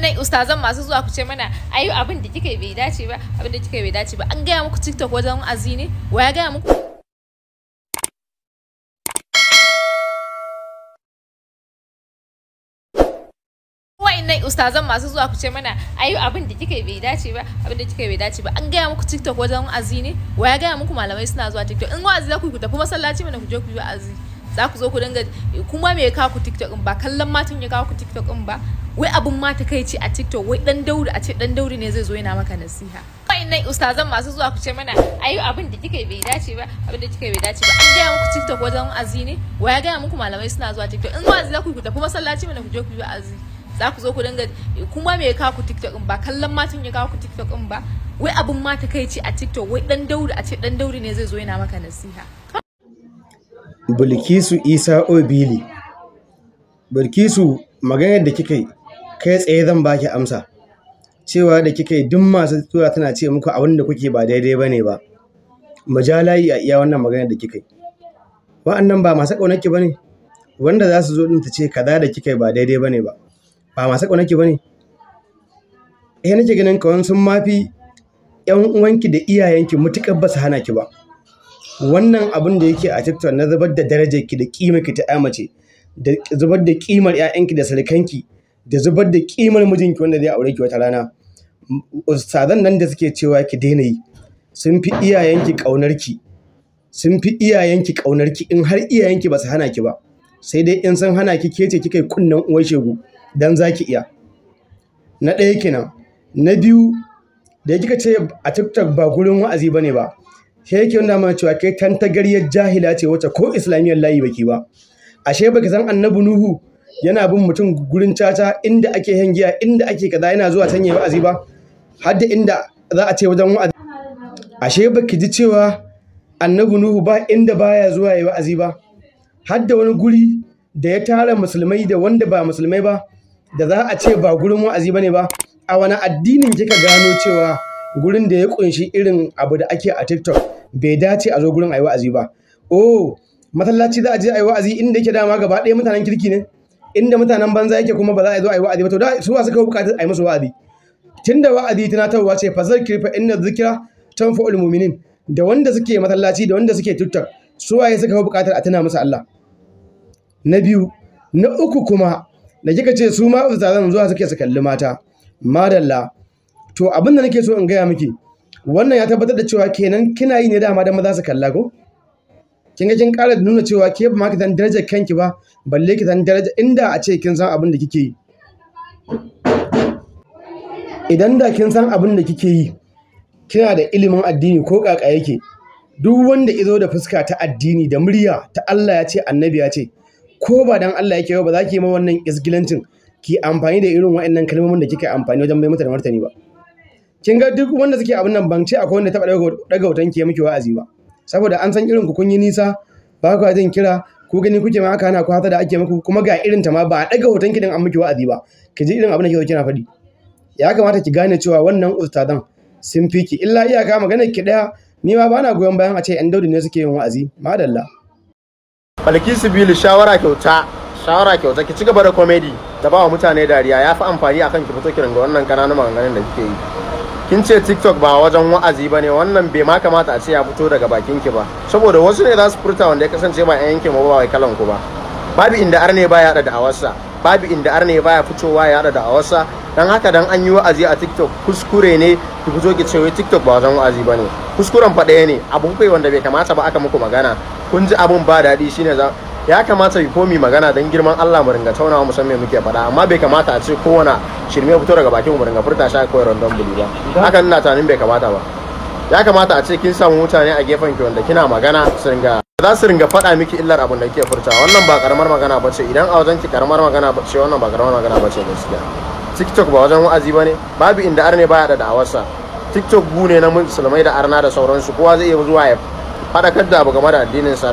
waɗannan ustazan masu zuwa ku ce mana ayi abin da kika bai dace ba abin da kika bai dace ba an gaya muku tiktok wajen azi ne wa ya gaya muku wa'annan ustazan masu zuwa ku ce mana ayi abin da kika bai dace ba abin da kika bai dace ba an gaya muku tiktok wajen azi ne wa ya gaya muku malamai suna zuwa tiktok in wa'azi za ku ku tafi masallaci mana ku je ku yi wa'azi za ku zo ku dinga kuma me ya kawo ku tiktok ba kallon matan ya kawo ku tiktok ba wai abun ma ta kai ce a tiktok wai dan dauri a ce dan dauri ne zai zo yana maka nasiha nan ustazan masu zuwa ku ce mana ayi abin da kika bai dace ba abin da kika bai dace ba an gaya muku tiktok wajen azi ne waya gaya muku malamai suna zuwa tiktok in wa'azi za ku ku tafi masallaci mana ku je ku yi azi za ku zo ku dinga kuma me ya kawo ku tiktok ba kallon matan ya kawo ku tiktok ba wai abun ma ta kai ce a tiktok wai dan dauri a ce dan dauri ne zai zo yana maka nasiha Bilkisu Isa Obili Bilkisu maganar da kika yi kai tsaye zan baki amsa cewa da kika yi duk masu tura tana ce muku abin da kuke ba daidai bane ba ne ba. layi a iya wannan maganar da kika yi wa'annan ba masu ƙaunarki bane wanda za su zo din ta ce kaza da kika yi ba daidai bane ba ba masu ƙaunarki bane eh nake ganin kawan sun mafi yan uwanki da iyayenki mutukar ba su hana ki ba wannan abin da yake a TikTok na zubar da darajar ki da kimar ki ta ƴa mace da zubar da kimar 'ya'yanki da sarkanki da zubar da kimar mijinki wanda zai aure ki wata rana ustazan nan da suke cewa ki daina yi sun fi iyayenki ki. sun fi iyayenki ki in har iyayenki ba su hana ki ba sai dai in sun hana ki ke ce kika yi kunnen uwar shegu dan za ki iya na ɗaya kenan na biyu da kika ce a tiktok ba gurin wa'azi ba ne ba sai yake wanda ma cewa kai tantagariyar jahila ce wacce ko islamiyyar layi baki ba ashe baki san annabi nuhu yana bin mutum gurin caca inda ake hangiya inda ake kaza yana zuwa sanya wa'azi ba har da inda za a ce wajen wa'azi ashe baki ji cewa annabi nuhu ba inda baya zuwa yayi wa'azi ba har da wani guri da ya tara musulmai da wanda ba musulmai ba da za a ce ba gurin wa'azi bane ba a wani addinin kika gano cewa gurin da ya kunshi irin abu da ake a TikTok bai dace a zo gurin ayi wa'azi ba. Oh, masallaci za a je ayi wa'azi inda yake dama gaba ɗaya mutanen kirki ne, inda mutanen banza yake kuma ba za a zo ayi wa'azi ba to da su su suka buƙatar ayi musu wa'azi. Tunda wa'azi tunatarwa ce fa zakir fa inna zikra ul mu'minin da wanda suke masallaci da wanda suke TikTok su waye suka fi buƙatar a tana musu Allah. Na biyu, na uku kuma da kika ce su ma ustazan zuwa suke su kalli mata. Madalla, to abin da nake so in gaya miki wannan ya tabbatar da cewa kenan kina yi ne dama da maza su kalla ko kin ga kin ƙara nuna cewa ke ba ma ki san darajar kanki ba balle ki san daraja inda a ce kin san abin da kike yi idan da kin san abin da kike yi kina da ilimin addini ko kaka yake duk wanda izo da fuska ta addini da murya ta Allah ya ce annabi ya ce ko ba dan Allah yake ba za ki yi ma wannan isgilancin ki amfani da irin waɗannan kalmomin da kike amfani wajen mai mutane martani ba kin ga duk wanda suke abin nan ban ce akwai wanda taɓa ɗaga hoton ke miki wa'azi ba saboda an san irin ku kun yi nisa ba ku ajin kira ku gani kuke ma aka hana ku hata da ake muku kuma ga irin ta ma ba ɗaga hoton ki din an miki wa'azi ba ki ji irin abin da kike kina faɗi ya kamata ki gane cewa wannan ustadan sun fi ki illa iyaka magana ki ɗaya ni ma bana goyon bayan a ce yan daudi ne suke yin wa'azi madalla falki sibilu shawara kyauta shawara kyauta ki ci gaba da komedi da ba wa mutane dariya ya fi amfani akan ki fito ki ringa wannan kananan maganganun da kike yi kin ce tiktok ba wajen wa'azi ba ne wannan bai ma kamata a ce ya fito daga bakin ki ba saboda wasu ne za su furta wanda ya kasance ba yan yankin ba wai kalan ku ba babu inda arne ba ya da awarsa babu inda arne ba ya fitowa ya da awarsa dan haka dan an yi wa'azi a tiktok kuskure ne ki fito ki ce wai tiktok ba wajen wa'azi ba ne kuskuren fa ɗaya ne abu kai wanda bai kamata ba aka muku magana kun ji abun ba daɗi shine za ya kamata ya komi magana don girman Allah mu ringa taunawa mu san muke faɗa amma bai kamata a ce kowane shirme fito daga bakin mu ringa furta shi kawai rondon bulu ba hakan na tunanin bai kamata ba ya kamata a ce kin samu mutane a gefen ki wanda kina magana su ringa za su ringa faɗa miki illar abin da kike furta wannan ba karamar magana ba ce idan a wajen ki karamar magana ba ce wannan ba karamar magana ba ce gaskiya tiktok ba wajen wa'azi ba ne babu inda arne baya da da'awarsa tiktok gune ne na musulmai da arna da sauransu kowa zai iya zuwa ya faɗakar da abu game da addinin sa